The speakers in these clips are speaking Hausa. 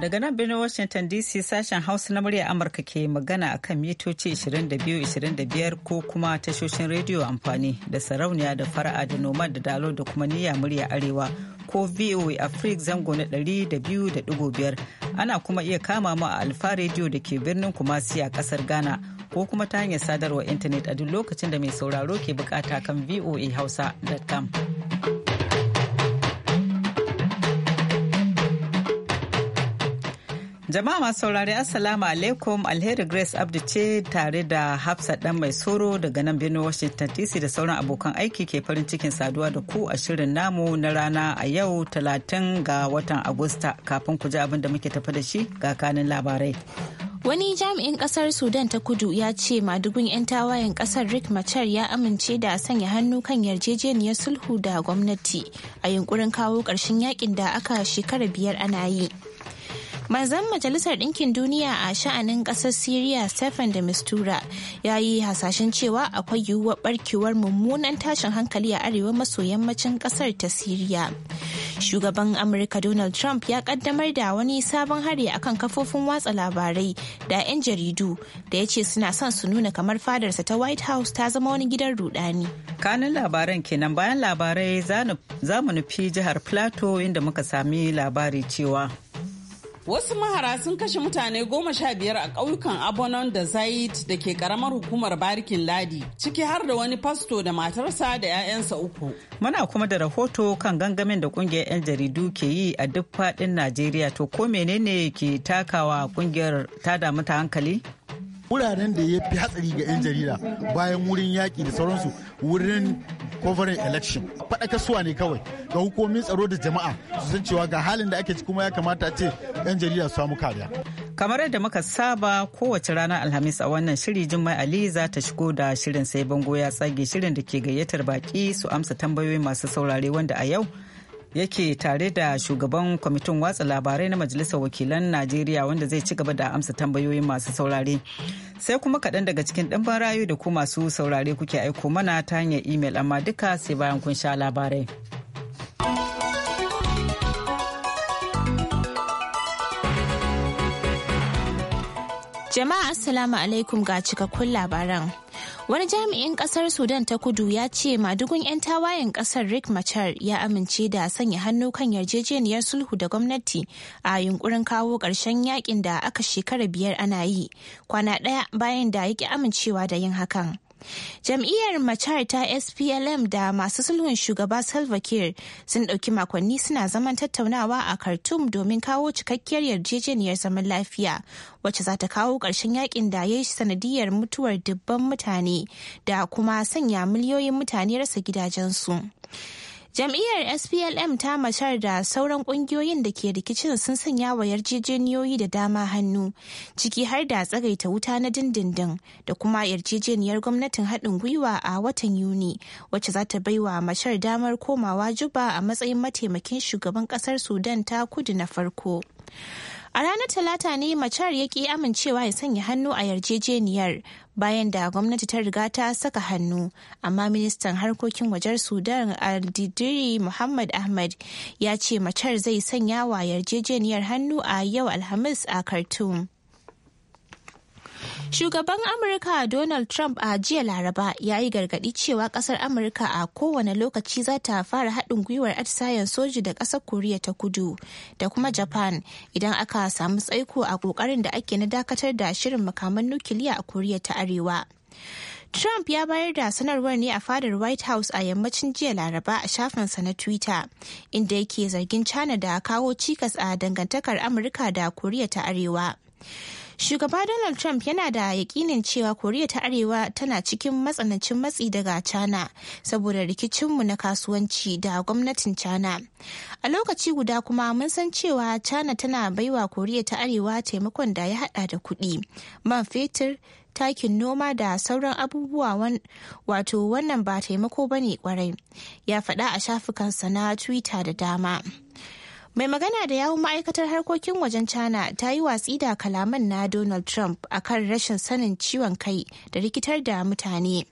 Daga nan birnin Washington DC sashen Hausa na murya Amurka ke magana a kan mitoci 22-25 ko kuma tashoshin rediyo amfani da sarauniya da fara'a da noma da dalo da kuma niyya murya arewa ko VOA Africa zango na 200.5 ana kuma iya kama mu a alfa rediyo da ke birnin Kumasi a kasar Ghana ko kuma ta hanyar sadarwa intanet a duk lokacin da mai sauraro ke bukata kan voahausa.com. Jama'a masu saurari Assalamu alaikum Alheri Grace Abdu ce tare da hafsa dan mai soro daga nan birnin Washington DC da sauran abokan aiki ke farin cikin saduwa da ku a shirin namu na rana a yau 30 ga watan Agusta kafin ku ji abin da muke tafi da shi ga kanin labarai. Wani jami'in kasar Sudan ta kudu ya ce madugun 'yan tawayen kasar Rick Machar ya amince da sanya hannu kan yarjejeniyar sulhu da gwamnati a yunkurin kawo karshen yakin da aka shekara biyar ana yi. Manzan Majalisar Ɗinkin Duniya a sha'anin ƙasar Siriya Stephen de Mistura ya yi hasashen cewa akwai yiwuwar barkewar mummunan tashin hankali a arewa maso yammacin ƙasar ta Siriya. Shugaban Amurka Donald Trump ya ƙaddamar da wani sabon hari akan kafofin watsa labarai da 'yan jaridu da ya ce suna son su nuna kamar fadarsa ta White House ta zama wani gidan rudani. Kanin labaran kenan bayan labarai za mu nufi jihar Plateau inda muka sami labari cewa Wasu mahara sun kashe mutane goma sha biyar a ƙauyukan Abonon da Zayit da ke ƙaramar hukumar Barikin Ladi, ciki har da wani fasto da matarsa da 'ya'yansa uku. Muna kuma da rahoto kan gangamin da ƙungiyar 'yan jaridu ke yi a duk faɗin Najeriya to ko menene ke takawa ƙungiyar tada mata hankali? wuraren da ya fi hatsari ga 'yan jarida bayan wurin yaƙi da sauransu wurin covering election faɗa kasuwa ne kawai ga hukumomin tsaro da jama'a su san cewa ga halin da ake ci kuma ya kamata ce 'yan jarida su samu kariya kamar yadda muka saba kowace ranar alhamis a wannan shiri jummai ali za ta shigo da shirin sai bango ya tsage shirin da ke gayyatar baki su amsa tambayoyi masu saurare wanda a yau yake tare da shugaban kwamitin watsa labarai na majalisar wakilan najeriya wanda zai ci gaba da amsa tambayoyin masu saurare sai kuma kaɗan daga cikin ɗanban rayu da ku masu saurare kuke aiko mana ta hanyar imel amma duka sai bayan kun sha labarai jama'a assalamu alaikum ga cikakkun labaran Wani jami'in kasar Sudan ta kudu ya ce madugun 'yan tawayen kasar Rick Machar ya amince da sanya hannu kan yarjejeniyar sulhu da gwamnati a yunkurin kawo ƙarshen yakin da aka shekara biyar ana yi kwana ɗaya bayan da ya ki amincewa da yin hakan. Jam'iyyar Machar ta SPLM da masu sulhun shugaba Salva Kiir sun ɗauki makonni suna zaman tattaunawa a Khartoum domin kawo cikakkiyar yarjejeniyar zaman lafiya wacce za ta kawo ƙarshen yakin da ya yi sanadiyar mutuwar dubban mutane da kuma sanya miliyoyin mutane rasa gidajensu. Jam'iyyar SPLM ta mashar da sauran ƙungiyoyin da ke rikicin sun sanya wa yarjejeniyoyi da dama hannu, ciki har da tsagaita wuta na dindindin da kuma yarjejeniyar gwamnatin haɗin gwiwa a watan Yuni, wacce za ta baiwa mashar damar komawa Juba a matsayin mataimakin shugaban ƙasar Sudan ta kudu na farko. A ranar Talata ne Machar ya ki amincewa ya sanya hannu a yarjejeniyar bayan da gwamnati ta riga ta saka hannu, amma ministan harkokin wajen Sudan Aldidiri Muhammad Ahmad ya ce Machar zai sanya wa yarjejeniyar hannu a yau Alhamis a Khartoum. Shugaban Amurka Donald Trump a jiya Laraba ya yi gargadi cewa kasar Amurka a kowane lokaci za ta fara haɗin gwiwar atisayen soji da ƙasar Koriya ta kudu da kuma Japan idan aka samu tsaiko a ƙoƙarin da ake na dakatar da shirin makaman nukiliya a Koriya ta Arewa. Trump ya bayar da sanarwar ne a fadar White House a yammacin jiya Laraba a shafinsa na Twitter, inda yake zargin China da kawo cikas a dangantakar Amurka da Koriya ta Arewa. Shugaba Donald Trump yana da yakinin cewa Koriya ta Arewa tana cikin matsanancin matsi daga China saboda rikicinmu na kasuwanci da gwamnatin China. A lokaci guda kuma mun san cewa China tana baiwa Koriya ta Arewa taimakon da ya hada da kuɗi, man fetur, takin noma da sauran abubuwa wato wannan ba taimako ba ne kwarai ya faɗa a shafukansa na twitter da dama Mai magana da yawun ma'aikatar harkokin wajen China ta yi watsi da kalaman na Donald Trump a kan rashin sanin ciwon kai da rikitar da mutane.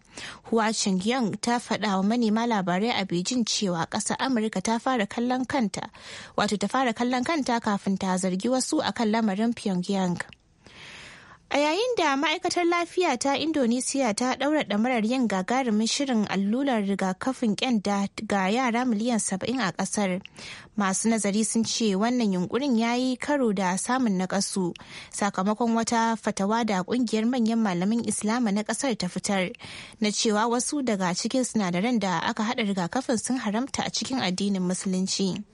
Hua Qingyang ta faɗa wa manema labarai a Beijing cewa ƙasar Amurka ta fara kallon kanta, wato ta fara kallon kanta kafin ta zargi wasu a kan lamarin Pyongyang. A yayin da ma'aikatar lafiya ta Indonesiya ta ɗaura ɗamarar yin gagarumin shirin allurar rigakafin kyanda ga yara miliyan saba'in a ƙasar. Masu nazari sun ce wannan yunkurin ya yi karo da samun nakasu sakamakon wata fatawa da ƙungiyar manyan malamin Islama na ƙasar ta fitar na cewa wasu daga cikin sinadaran da aka haɗa rigakafin sun haramta a cikin addinin Musulunci.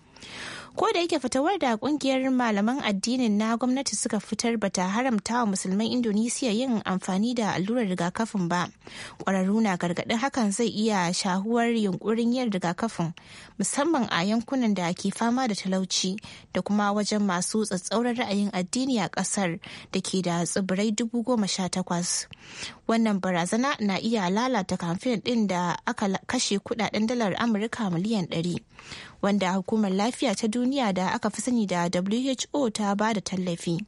ko da yake fitowar da kungiyar malaman addinin na gwamnati suka fitar bata haramta wa musulman Indonesia yin amfani da allurar rigakafin ba ƙwararru na gargadin hakan zai iya shahuwar yunkurin yin rigakafin musamman a yankunan da ke fama da talauci da kuma wajen masu tsatsauran ra'ayin addini a ƙasar da ke da tsibirai dubu goma sha takwas wannan barazana na iya lalata kamfen ɗin da aka kashe kudaden dalar amurka miliyan ɗari wanda hukumar lafiya ta duniya da aka fi sani da who ta ba da tallafi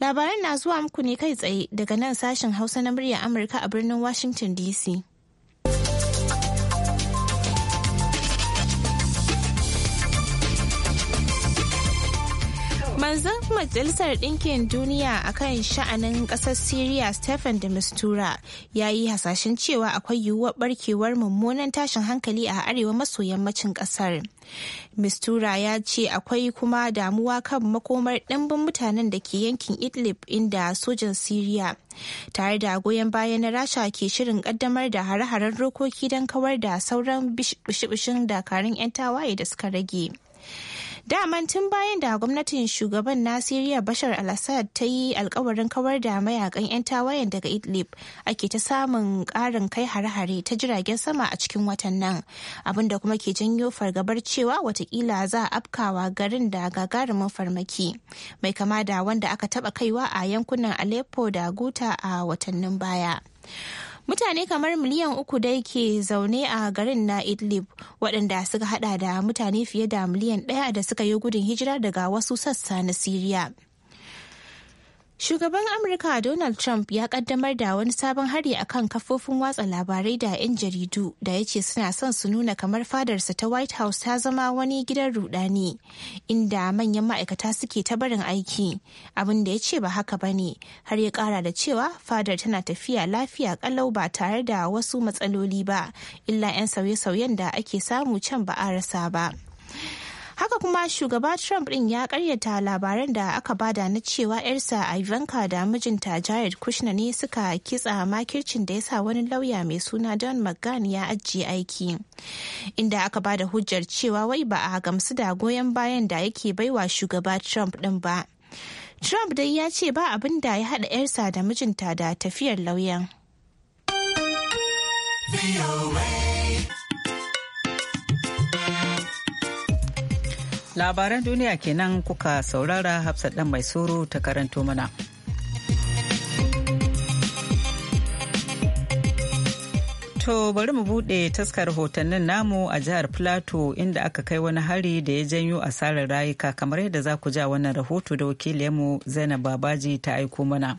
labaran na zuwa muku ne kai tsaye daga nan sashen hausa na murya amurka a birnin washington dc Manzan Majalisar Ɗinkin Duniya akan sha'anin ƙasar Siriya Stephen da Mistura ya yi hasashen cewa akwai yiwuwar barkewar mummunan tashin hankali a arewa maso yammacin ƙasar. Mistura ya ce akwai kuma damuwa kan makomar ɗimbin mutanen da ke yankin Idlib inda sojan Siriya tare da goyon baya na Rasha ke shirin ƙaddamar da hare-haren rokoki don kawar da sauran bishibishin dakarun 'yan tawaye da suka rage. Daman tun bayan da gwamnatin shugaban nasiriya Bashar al-Assad ta yi alkawarin kawar da mayakan 'yan tawayen daga Idlib ake ta samun karin kai hare-hare ta jiragen sama a cikin watan nan. abin da kuma ke janyo fargabar cewa watakila za a afkawa garin da gagarumin farmaki. Mai kama da wanda aka taba kaiwa a yankunan Aleppo da Guta a watannin baya. mutane kamar miliyan uku dai ke zaune a garin na idlib waɗanda suka hada da mutane fiye da miliyan ɗaya da suka yi gudun hijira daga wasu sassa na siriya Shugaban Amurka Donald Trump ya kaddamar da wani sabon hari a kan kafofin watsa labarai da 'yan jaridu da ya ce suna son su nuna kamar fadarsa ta White House ta zama wani gidan rudani inda manyan ma'aikata suke ta barin aiki abin da ya ce ba haka ba ne har ya kara da cewa fadar tana tafiya lafiya kalau ba tare da wasu matsaloli ba illa 'yan sauye-sauyen da ake samu can ba rasa ba. Haka kuma shugaba Trump ɗin ya karyata labaran da aka bada na cewa 'yarsa Ivanka da mijinta Jared Kushner ne suka kitsa makircin da ya sa wani lauya mai suna Don McGahn ya ajiye aiki. Inda aka bada hujjar cewa wai ba a gamsu da goyon bayan da yake baiwa shugaba Trump ɗin ba. Trump dai ya ce ba abin da ya haɗa 'yarsa da mijinta da tafiyar lauyan. labaran duniya kenan kuka saurara hafsat ɗan mai suru ta karanto mana To bari mu buɗe taskar hotonnin namu a jihar Plateau inda aka kai wani hari da ya janyo asarar rayuka kamar yadda za ku ja wannan rahoto da wakiliyarmu Zainab Babaji ta aiko mana.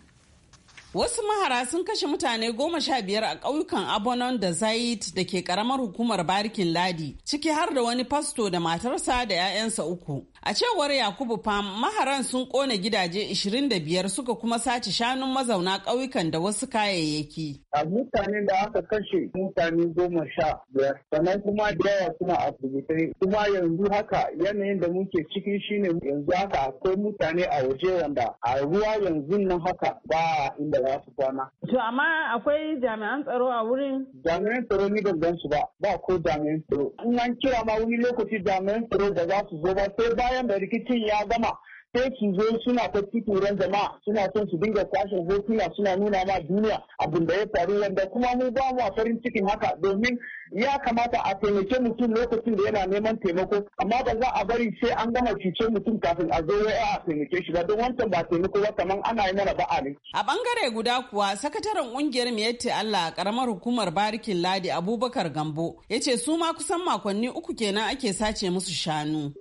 Wasu mahara sun kashe mutane goma sha biyar a ƙauyukan Abonon da Zait da ke ƙaramar hukumar Barikin Ladi, ciki har da wani fasto da matarsa da 'ya'yansa uku. A cewar Yakubu Fam, maharan sun ƙone gidaje 25 suka kuma sace shanun mazauna ƙauyukan da wasu kayayyaki. A mutane da aka kashe mutane goma sha biyar, sannan kuma da yawa suna asibitai. Kuma yanzu haka yanayin da muke ciki shine yanzu haka akwai mutane a waje wanda a ruwa yanzu nan haka ba inda za su kwana. To amma akwai jami'an tsaro a wurin? Jami'an tsaro ni ban gan su ba, ba ko jami'an tsaro. In an kira ma wani lokaci jami'an tsaro da za su zo ba sai bayan da rikicin ya gama. sai ki zo suna ta turan jama'a suna son su dinga kwashe hotuna suna nuna ma duniya abin da ya faru wanda kuma mu ba mu farin cikin haka domin ya kamata a taimake mutum lokacin da yana neman taimako amma ba za a bari sai an gama cuce mutum kafin a zo ya a taimake shi ba don wancan ba taimako ba kaman ana yi mana ba'a ne. a bangare guda kuwa sakataren kungiyar miyatti allah karamar hukumar barikin ladi abubakar gambo ya ce su ma kusan makonni uku kenan ake sace musu shanu.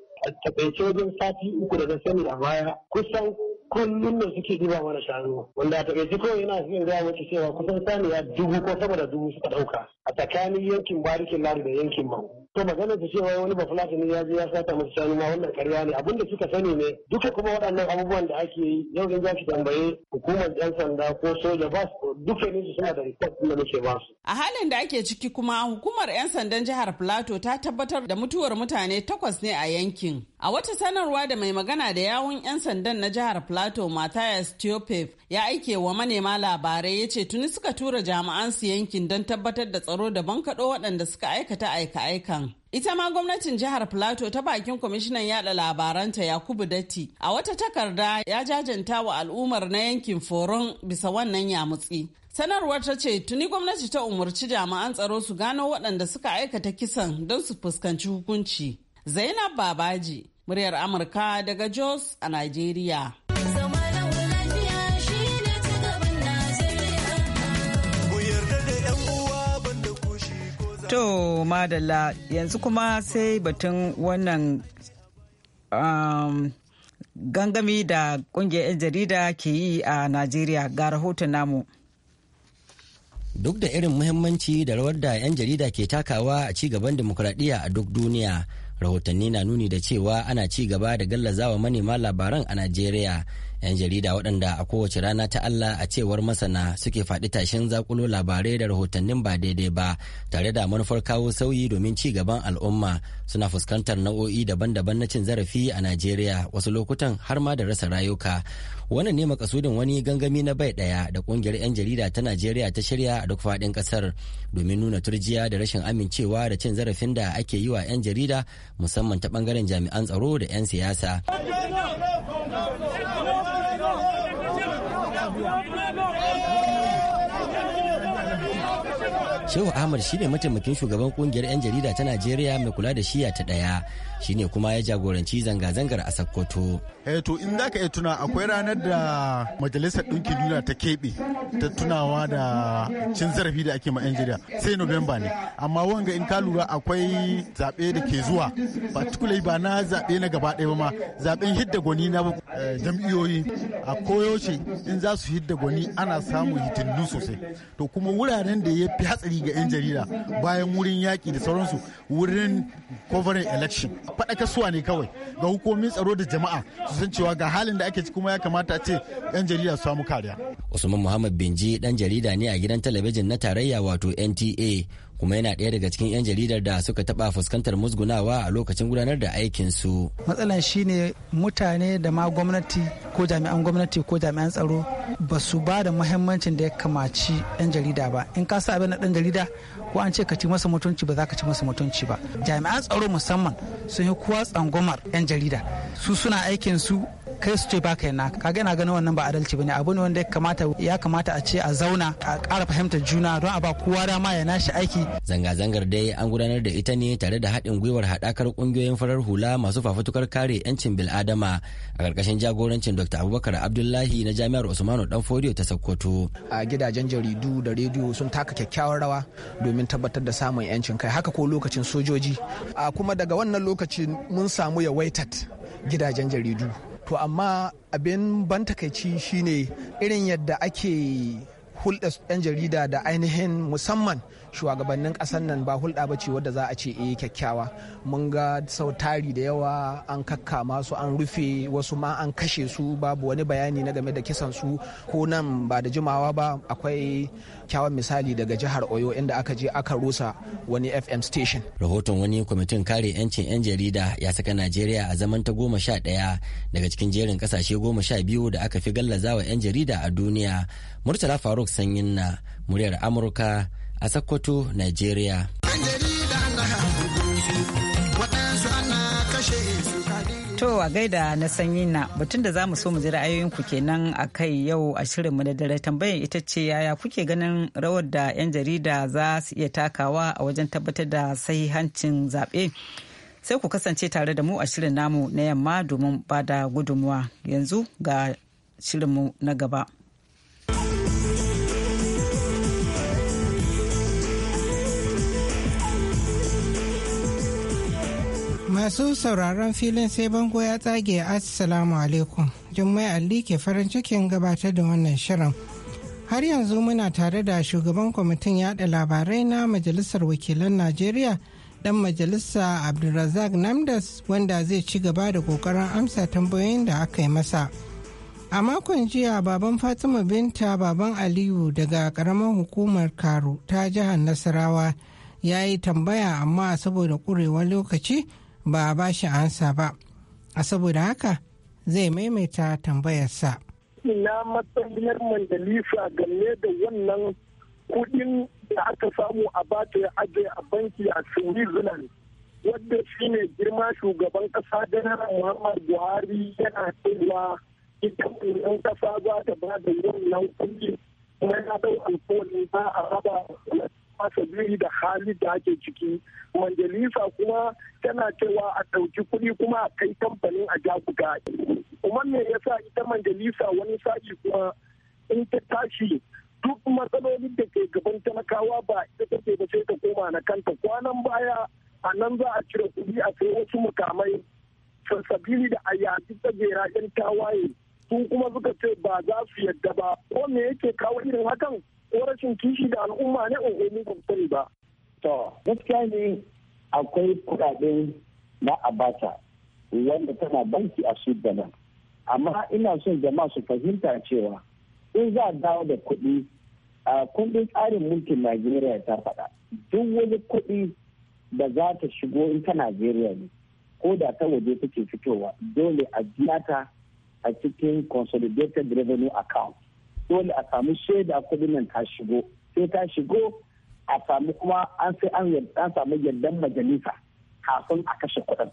takaice wajen sati uku da sani a baya kusan kullum da suke duba mana shanu wanda a takaice kawai yana iya gaya mace cewa kusan saniya dubu ko sama da dubu suka ɗauka a tsakanin yankin barikin lari da yankin bangu to magana su cewa wani bafulatani ya je ya sata musu shanu ma wannan karya ne abinda suka sani ne duka kuma waɗannan abubuwan da ake yi yau in za tambaye hukumar yan sanda ko soja ba su ne su suna da report da muke ba su a halin da ake ciki kuma hukumar yan sandan jihar Plateau ta tabbatar da mutuwar mutane takwas ne a yankin a wata sanarwa da mai magana da yawun yan sandan na jihar Plateau Matthias Teopev ya aike wa manema labarai ya ce tuni suka tura jami'an su yankin don tabbatar da tsaro da bankaɗo waɗanda suka aikata aika-aikan Ita ma gwamnatin jihar Plateau ta bakin kwamishinan yada labaranta Yakubu Datti a wata takarda ya jajanta wa al'ummar na yankin Foron bisa wannan ya yamutsi. Sanarwar ta ce tuni gwamnati ta umarci jami'an tsaro su gano waɗanda suka aikata kisan don su fuskanci hukunci. Zainab Babaji, muryar Amurka daga Jos a Najeriya. To madalla yanzu kuma sai batun wannan um, gangami da kungiyar 'yan jarida ke yi a Najeriya ga rahoton namu. Duk da irin muhimmanci da rawar da 'yan jarida ke takawa a ci gaban demokuraɗiyya a duk duniya, rahotanni na nuni da cewa ana ci gaba da gallazawa manema labaran a Najeriya. 'yan jarida waɗanda a kowace rana ta Allah a cewar masana suke faɗi tashin zakulo labarai da rahotannin ba daidai ba tare da manufar kawo sauyi domin ci gaban al'umma suna fuskantar nau'o'i daban-daban na cin zarafi a Najeriya wasu lokutan har ma da rasa rayuka wannan ne makasudin wani gangami na bai ɗaya da ƙungiyar 'yan jarida ta Najeriya ta shirya a duk faɗin ƙasar domin nuna turjiya da rashin amincewa da cin zarafin da ake yi wa 'yan jarida musamman ta bangaren jami'an tsaro da 'yan siyasa. Shehu Ahmad shine mataimakin shugaban kungiyar 'yan jarida ta Najeriya mai kula da shiya ta ɗaya shine kuma ya jagoranci zanga-zangar a Sokoto. Eh to in zaka iya tuna akwai ranar da Majalisar Ɗinkin Duniya ta keɓe ta tunawa da cin zarafi da ake ma 'yan jarida sai Nuwamba ne. Amma wanga in ka lura akwai zaɓe da ke zuwa tukulai ba na zaɓe na gaba ɗaya ba ma zaɓen hidda gwani na eh, jam'iyoyi a koyaushe in za su hidda gwani ana samun hitindu sosai. To kuma wuraren da ya fi hatsari ga 'yan jarida bayan wurin yaƙi da sauransu wurin covering election faɗakaswa ne kawai ga hukumomin tsaro da jama'a su san cewa ga halin da ake ci kuma ya kamata a ce yan jarida su samu kariya. Usman Muhammad Binji dan jarida ne a gidan talabijin na tarayya wato NTA kuma yana ɗaya daga cikin 'yan jaridar da suka taɓa fuskantar musgunawa a lokacin gudanar da aikinsu. matsalan shine mutane da ma gwamnati ko jami'an gwamnati ko jami'an tsaro ba su ba da muhimmancin da ya kamaci 'yan jarida ba in ka sa abin na ɗan jarida ko an ce ka ci masa mutunci ba za ka ci masa mutunci ba jami'an tsaro musamman sun yi kuwa tsangwamar 'yan jarida su suna aikin su kai su ce ba ka na kaga ina ganin wannan ba adalci bane abu ne wanda ya kamata a ce a zauna a ƙara fahimtar juna don a ba kowa dama ya nashi aiki zanga-zangar dai an gudanar da ita ne tare da haɗin gwiwar haɗakar ƙungiyoyin farar hula masu fafutukar kare 'yancin bil'adama a ƙarƙashin jagorancin dr abubakar abdullahi na jami'ar usmanu danfodiyo ta sokoto a gidajen jaridu da rediyo sun taka kyakkyawar rawa domin tabbatar da samun 'yancin kai haka ko lokacin sojoji a kuma daga wannan lokacin mun samu yawaitat gidajen jaridu to amma abin ban takaici shine irin yadda ake hulɗa 'yan jarida da ainihin musamman shugabannin ƙasar nan ba hulɗa ba ce wadda za a ce e kyakkyawa mun ga sau tari da yawa an kakka masu an rufe wasu ma an kashe su babu wani bayani na game da kisan su ko nan ba da jimawa ba akwai kyawan misali daga jihar oyo inda aka je aka rusa wani fm station rahoton wani kwamitin kare 'yancin 'yan jarida ya saka najeriya a zaman ta goma sha ɗaya daga cikin jerin kasashe goma sha biyu da aka fi gallazawa 'yan jarida a duniya murtala faruk sanyin na muryar amurka a Sokoto, Nigeria. To a gaida na sanyi na batun da za mu so mu ji ra'ayoyin ra'ayoyinku kenan a kai yau a shirinmu na dare tambayan ita ce yaya kuke ganin rawar da 'yan jarida za su iya takawa a wajen tabbatar da sahihancin zaɓe. Sai ku kasance tare da mu a shirin namu na yamma domin ba da gudunmuwa yanzu ga shirinmu na gaba. Masu sauraron filin sai bango ya tsage Assalamu alaikum. Jummai Ali ke farin cikin gabatar da wannan shirin. Har yanzu muna tare da shugaban kwamitin yada labarai na Majalisar Wakilan Najeriya dan majalisa Abdulrazak Namdas wanda zai ci gaba da kokarin amsa tambayoyin da aka yi masa. A makon jiya baban Fatima Binta baban Aliyu daga karamar hukumar Karo ta jihar Nasarawa ya yi tambaya amma saboda kurewar lokaci ba a ba shi ansa ba a saboda haka zai maimaita tambayarsa ina matsayar majalisa game da wannan kudin da aka samu a bata ya ajiye a banki a switzerland wadda shine girma shugaban kasa janar muhammad buhari yana cewa ita yan kasa za ta ba da wannan kudi kuma ya dau alkawari za a raba sabili da hali da ake ciki majalisa kuma tana cewa a ɗauki kuɗi kuma a kai kamfanin a ja kuka kuma me yasa ita majalisa wani sashi kuma in ta tashi duk matsalolin da ke gaban talakawa ba ita take ba sai ta koma na kanta kwanan baya a nan za a cire kuɗi a sai wasu mukamai sabili da a yaƙi tsagera 'yan tawaye sun kuma suka ce ba za su yadda ba ko me yake kawo irin hakan ko rashin kishi da al'umma ne ogoni ba sani ba to gaskiya ne akwai kuɗaɗen na abata wanda tana banki a su daban. amma ina son jama'a su fahimta cewa in za a dawo da kuɗi a kundin tsarin mulkin najeriya ta faɗa duk wani kuɗi da za ta shigo in ta najeriya ne ko da ta waje take fitowa dole a biya ta a cikin consolidated revenue account dole a samu shaida kudin nan ta shigo sai ta shigo a samu kuma an sai an samu yardan majalisa kafin a kashe kudin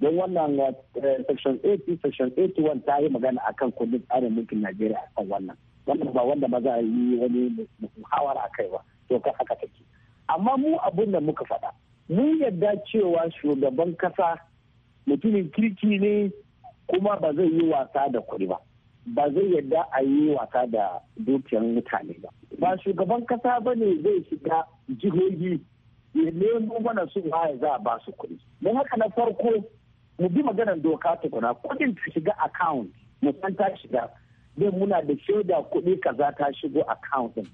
don wannan eh, section 80 section 81 ta yi magana akan kudin tsarin mulkin najeriya kan wannan wannan ba wanda ba za a yi wani muhawara a kai ba to kan haka take amma mu abun da muka faɗa mu yadda cewa shugaban kasa mutumin kirki ne kuma ba zai yi wasa da kuri ba ba zai yadda a yi wasa da dukiyar mutane ba ba shugaban kasa ba ne zai shiga jihohi ya nemo mana su ya za a ba su kuɗi don haka na farko mu bi maganar doka tukuna kuɗin ta shiga account mu san ta shiga zai muna da shaida kuɗi kaza ta shigo account din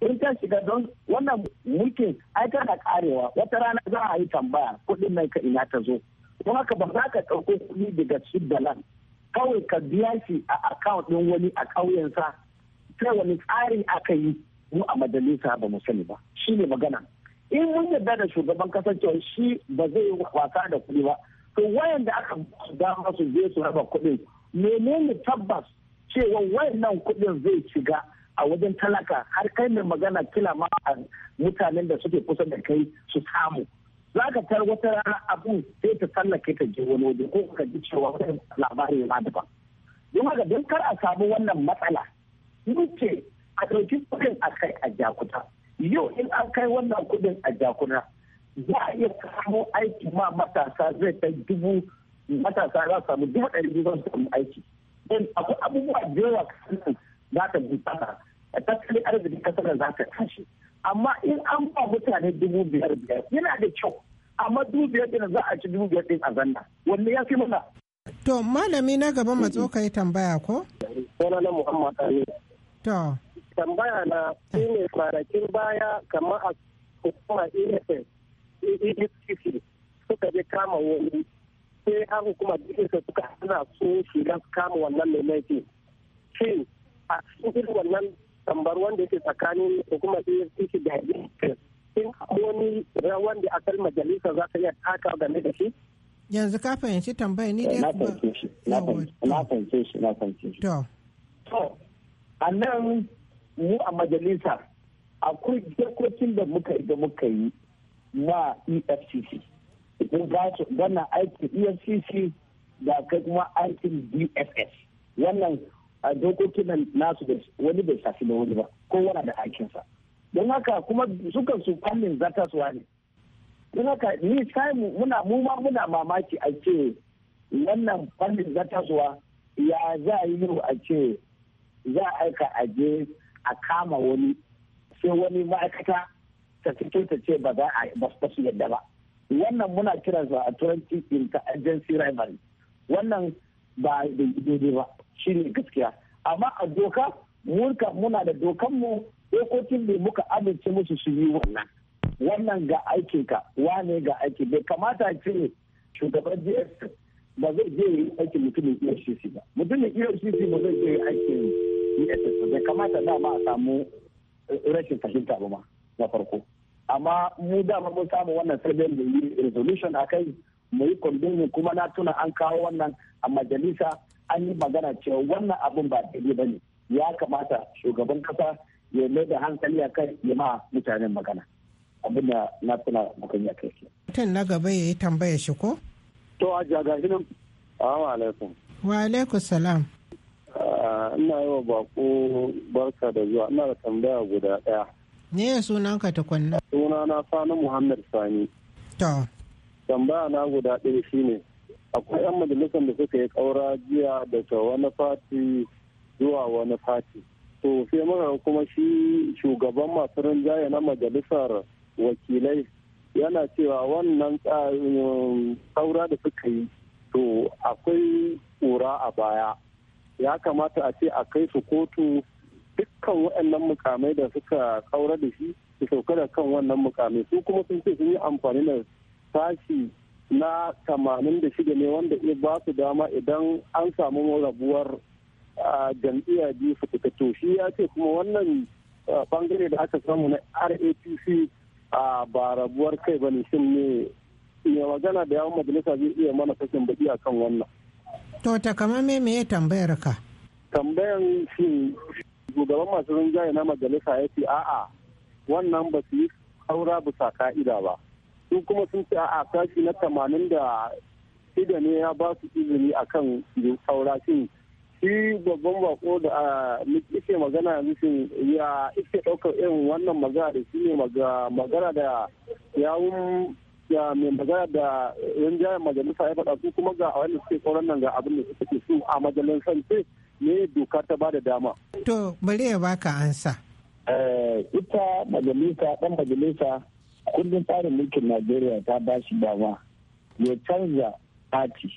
in ta shiga don wannan mulkin ai tana karewa wata rana za a yi tambaya kuɗin nan ka ina ta zo don haka ba za ka ɗauko kuɗi daga Switzerland kawai ka biya shi a account ɗin wani a ƙauyensa sai wani tsari aka yi mu a majalisa ba mu sani ba shi ne magana in mun yarda da shugaban kasar cewa shi ba zai yi wasa da kuɗi ba to wayan da aka dama su je su raba kuɗin menene tabbas cewa wayan nan kuɗin zai shiga a wajen talaka har kai mai magana kila ma mutanen da suke kusa da kai su samu za ka tar wata rana abu sai ta tsallake ta je wani waje ko ka ji cewa wani labari ma daban don haka don kar a samu wannan matsala ce a ɗauki kuɗin a kai a jakuta yau in an kai wannan kuɗin a jakuna za a iya samu aiki ma matasa zai kai dubu matasa za su samu dubu ɗari biyu za su samu aiki don akwai abubuwa da yawa kasan za ta a tattalin arziki kasar za ta tashi amma in an ba mutane dubu biyar biyar yana da kyau amma dubu biyar din za a ci dubu biyar din a zanna wanne ya fi mana. to malami na gaba matso ka yi tambaya ko. sunana muhammad ali. to. tambaya na ne kwanakin baya kamar a hukuma efcc suka je kama wani sai an hukuma efcc suka hana su shiga kama wannan mai laifi shin a cikin wannan tambar wanda yake tsakanin hukumar efcc da in wani rawan da akwai majalisa za ta iya taka game da shi yanzu ka fahimci tambayar ni dai eh, kuma na fahimce shi na fahimce shi to a nan mu a majalisa akwai dokokin da muka yi da muka yi ma efcc idan wannan aikin efcc da kai kuma aikin dss wannan a dokokin nan nasu da wani bai shafi da wani ba kowa da hakinsa don haka kuma sukan su fannin zataswa ne don haka ni sai muna mu ma muna mamaki a ce wannan fannin suwa ya za a yi a ce za a aika a je a kama wani sai wani ma'aikata ta fito ta ce ba za a ba su yadda ba wannan muna kiransa a turanci inter agency rivalry wannan ba daidai ba ne gaskiya amma a doka murka muna da dokanmu dokokin da muka amince musu su yi wannan wannan ga aikinka wane ga aiki bai kamata ce shugaban gs ba zai je yi aikin mutumin efcc ba mutumin efcc ba zai je yi aikin efcc bai kamata ma a samu rashin fahimta ba ma na farko amma mu dama mun samu wannan sabbin da yi resolution a kai mu yi kuma na tuna an kawo wannan a majalisa an yi magana cewa wannan abin ba daidai ba ne ya kamata shugaban kasa ya mai da hankali a kai ya ma mutanen magana abin da na tuna mukan ya kai mutum na gaba ya yi tambaya shi ko to a jaga shi nan assalamu alaikum wa alaikum salam ah, ina yi wa baƙo barka da zuwa ina da tambaya guda daya ne ya sunan ka tukunna sunana sani muhammad sani to tambaya na guda ɗaya shine akwai 'yan majalisar da suka yi ƙaura jiya daga wani fati zuwa wani fati to sai maka kuma shi shugaban masu rinjaye na majalisar wakilai yana cewa wannan saura um, da suka yi to akwai kura a baya ya kamata a ce a kai su kotu dukkan waɗannan mukamai da suka ƙaura da shi su sauka da kan wannan mukamai su kuma sun ce sun yi amfani da sashi na tamanin da shida ne wanda ya ba su dama idan an samu rabuwar jam'iyya biyu su fita to shi ya ce kuma wannan bangare da aka samu na rapc ba rabuwar kai ba ne shi ne ne magana da yawon majalisa zai iya mana fashin baki a kan wannan. To ta kama me me tambayar ka? Tambayan shi shugaban masu rinjaye na majalisa ya ce a'a wannan ba su yi saura bisa ka'ida ba. su kuma sun ce a sashi na tamanin da shida ne ya ba su izini a kan saura shin shi babban bako da ishe magana yanzu shin ya iske ɗaukar irin wannan magana da shi ne magana da yawun ya mai magana da yan jayen majalisa ya faɗa su kuma ga wani suke tsoron nan ga abin da suka ce su a majalisar ce ne doka ta ba da dama. To bari ya baka ansa. Eh, ita majalisa ɗan majalisa kundin tsarin mulkin najeriya ta ba shi dama ya canza fati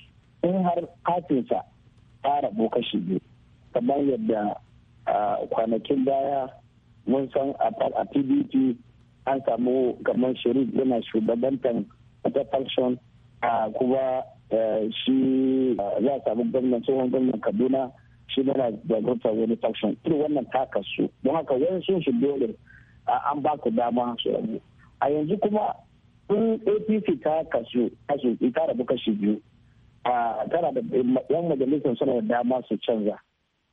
in har fatinsa ta rabu kashi biyu kamar yadda kwanakin baya mun san a pdp an samu kamar shirin yana shugabantar wata a kuma shi za a samu gwamnan tsohon gwamnan kaduna shi yana jagorantar wani faction irin wannan takasu don haka wani sun shi dole an ba ku dama su rabu a yanzu kuma in apc ta kasu kasu ita rabu kashi biyu a tara da yan majalisar suna da dama su canza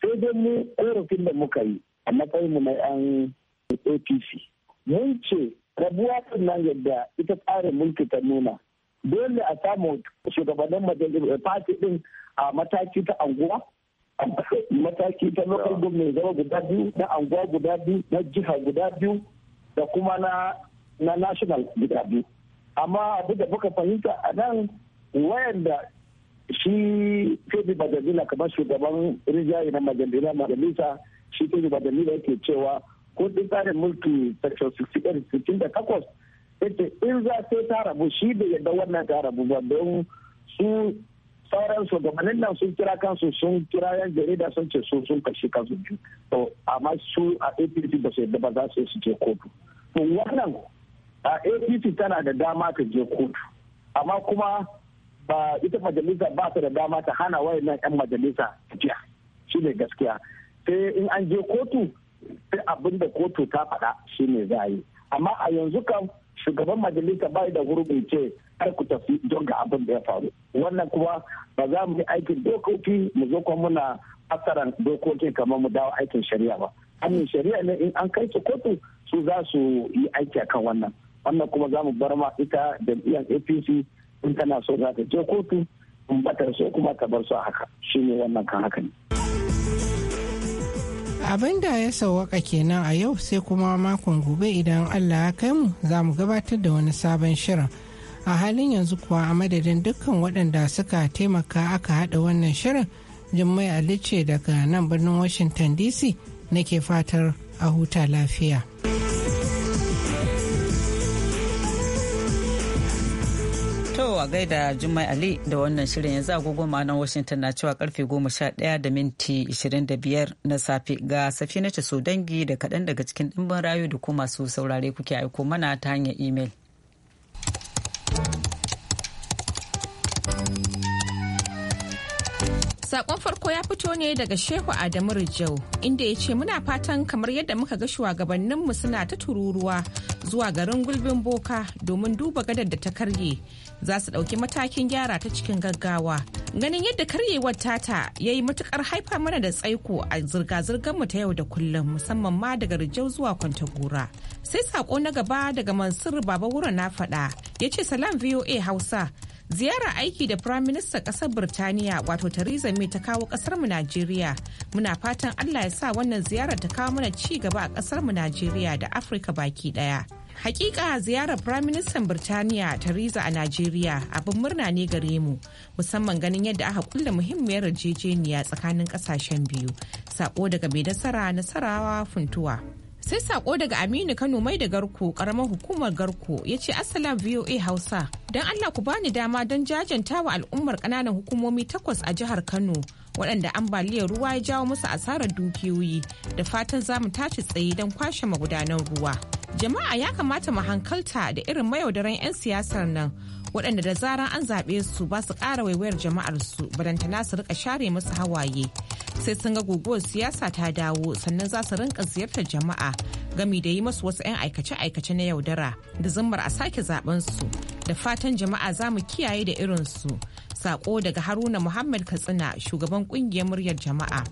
sai dai mu korafin da muka yi a matsayin mu na yan apc mun ce rabuwa sun nan yadda ita tsarin mulki ta nuna dole a samu shugabannin majalisar fati eh, din a mataki ta anguwa mataki ta local government zama guda biyu na anguwa guda biyu na jiha guda biyu da kuma na na national guda biyu amma abu da muka fahimta a nan wayanda shi kebe majalila kamar shugaban rijaye na majalila majalisa shi kebe majalila yake cewa kundin tsarin mulki section 68 yace in za sai ta rabu shi da yadda wannan ta rabu ba don su sauran shugabannin nan sun kira kansu sun kira yan jarida sun ce su sun kashe kansu biyu to amma su a apc ba su yadda ba za su su je kotu to wannan a apc tana da dama ta je kotu amma kuma ba ita majalisa ba ta da dama ta hana wayannan 'yan majalisa jiya shi ne gaskiya sai in an je kotu sai abin da kotu ta faɗa shi ne za yi amma a yanzu kam shugaban majalisa bai da gurbin ce kar ku tafi don ga abin da ya faru wannan kuma ba za mu yi aikin dokoki mu zo kuma muna asaran dokokin kamar mu dawo aikin shari'a ba amin shari'a ne in an kai su kotu su za su yi aiki akan wannan wannan kuma za mu bar ma ita jam'iyyar apc in tana so za ta je kotu in batar so kuma ta bar su a haka shine wannan kan haka ne abin da ya sauwaka kenan a yau sai kuma makon gobe idan allah ya kai mu za mu gabatar da wani sabon shirin a halin yanzu kuwa a madadin dukkan waɗanda suka taimaka aka haɗa wannan shirin jimmai alice daga nan birnin washington dc nake fatar a huta lafiya. To a gaida Jummai Ali da wannan shirin yanzu agogo ma'anar Washington na cewa karfe 11 da minti 25 na safe ga safi na so dangi da kaɗan daga cikin ɗimbin rayu da kuma masu saurare kuke aiko mana ta hanyar imel. Sakon farko ya fito ne daga Shehu Adamu Rijau inda ya ce muna fatan kamar yadda muka ga shugabanninmu suna ta tururuwa zuwa garin gulbin boka domin duba gadar da ta karye za su ɗauki matakin gyara ta cikin gaggawa ganin yadda karyewar tata ya yi matukar haifa mana da tsaiko a zirga zirgar mu ta yau da kullum musamman ma daga rijau zuwa kwantagora sai sako na gaba daga mansur baba wura na faɗa ya ce salam voa hausa ziyara aiki da prime minister kasar birtaniya wato theresa may ta kawo kasar mu najeriya muna fatan allah ya sa wannan ziyarar ta kawo mana ci gaba a kasar mu najeriya da afirka baki ɗaya. Hakika ziyarar Firaministan Birtaniya Theresa a Najeriya abin murna ne gare mu musamman ganin yadda aka kulle muhimmiyar yarjejeniya tsakanin kasashen biyu. Sako daga mai nasara nasarawa funtuwa. Sai sako daga Aminu Kano mai da garko karamar hukumar garko ya ce Assalam VOA Hausa don Allah ku bani dama don jajanta wa al'ummar ƙananan hukumomi takwas a jihar Kano waɗanda ambaliyar ruwa ya jawo musu asarar dukiyoyi da fatan za mu tashi tsaye don kwashe magudanan ruwa. jama'a ya kamata mu hankalta da irin mayaudaran 'yan siyasar nan waɗanda da zaran an zaɓe su ba su ƙara waiwayar jama'ar su badantana su rika share musu hawaye sai sun ga guguwar siyasa ta dawo sannan za su rinka ziyartar jama'a gami da yi masu wasu 'yan aikace-aikace na yaudara da zumbar a sake zaben su da fatan jama'a za mu kiyaye da irin su sako daga haruna muhammad katsina shugaban ƙungiyar muryar jama'a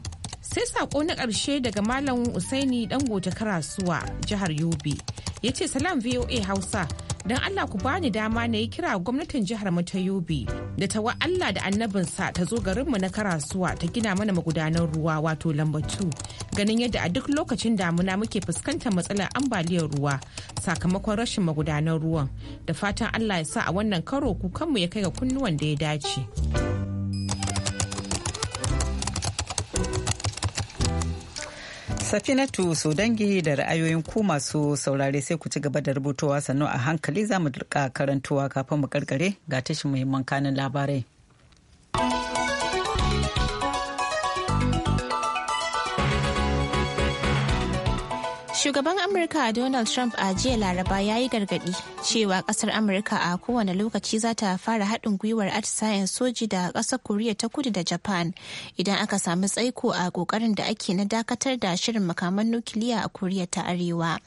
sai sako na ƙarshe daga malam usaini dangote karasuwa jihar yobe ya ce salam voa hausa don allah ku bani dama na yi kira gwamnatin jihar mata ta yobe da tawa allah da annabinsa ta zo garinmu na karasuwa ta gina mana magudanan ruwa wato lambatu ganin yadda a duk lokacin damuna muke fuskantar matsalar ambaliyar ruwa sakamakon rashin magudanan ruwan da fatan allah ya sa a wannan karo kukanmu ya kai ga kunnuwan da ya dace. Safinatu su dangi da ra'ayoyin ku masu saurare sai ku ci gaba da rubutowa sannu a hankali za mu karantowa kafin mu karkare ga tashin muhimman kanin labarai. Shugaban Amurka Donald Trump a jiya Laraba ya yi gargadi cewa kasar Amurka a kowane lokaci za ta fara haɗin gwiwar atisayen soji da ƙasar Koriya ta kudu da Japan idan aka sami tsaiko a ƙoƙarin da ake na dakatar da shirin makaman nukiliya a Koriya ta Arewa.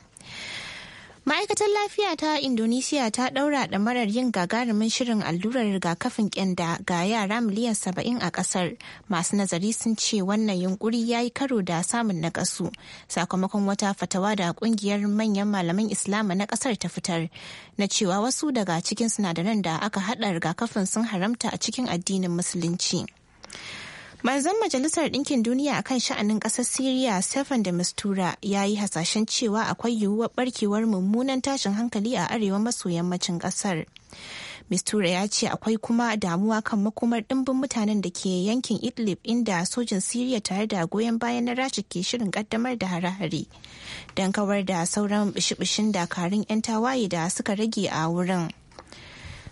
ma'aikatar lafiya ta indonesiya ta ɗaura ɗamarar yin gagarumin shirin allurar rigakafin kyanda ga yara miliyan saba'in a ƙasar masu nazari sun ce wannan yunkuri ya yi karo da samun nakasu sakamakon wata fatawa da ƙungiyar manyan malaman islama na ƙasar ta fitar na cewa wasu daga cikin sinadaran da aka haɗa rigakafin sun haramta a cikin addinin musulunci Manzon Majalisar Ɗinkin Duniya a kan sha'anin ƙasar Siriya Stephen da Mistura ya yi hasashen cewa akwai yiwuwar barkewar mummunan tashin hankali a arewa maso yammacin ƙasar. Mistura ya ce akwai kuma damuwa kan makomar ɗimbin mutanen da ke yankin Idlib inda sojin Siriya tare da goyon bayan na Rashi ke shirin ƙaddamar da hare-hare. Don kawar da sauran bishi-bishin dakarun 'yan tawaye da suka rage a wurin.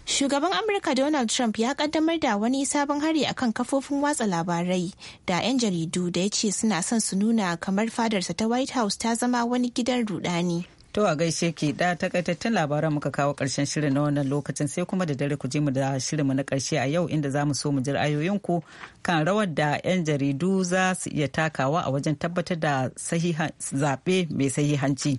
Shugaban Amurka Donald Trump ya kaddamar da wani sabon hari akan kafofin watsa labarai da 'yan jaridu da ya ce suna son su nuna kamar fadarsa ta White House ta zama wani gidan rudani. To a gaishe ke da takaitattun labaran muka kawo karshen shirin na wannan lokacin sai kuma da dare ku je mu da shirinmu na karshe a yau inda za mu so mu ji ra'ayoyinku kan rawar da 'yan jaridu za su iya takawa a wajen tabbatar da zaɓe mai sahihanci.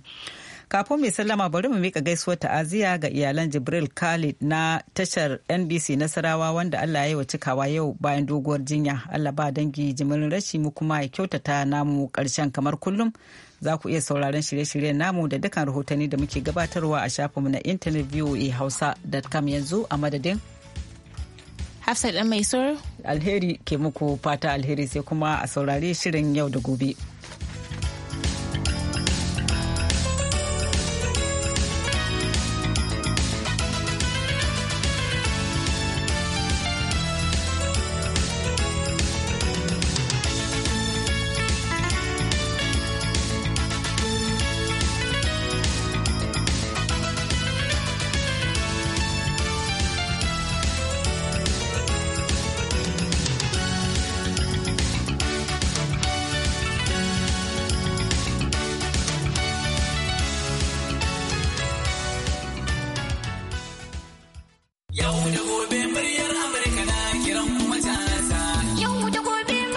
Kafin mai sallama bari mu mika gaisuwar ta'aziyya ga iyalan Jibril Khalid na tashar NBC Nasarawa wanda Allah ya yi wa cikawa yau bayan doguwar jinya. Allah ba dangi jimirin rashi mu kuma ya kyautata namu karshen kamar kullum. Za ku iya sauraron shirye-shiryen namu da dukkan rahotanni da muke gabatarwa a shafinmu na intanet hausa.com yanzu a madadin. Hafsat ɗan mai Alheri ke muku fata alheri sai kuma a saurari shirin yau da gobe.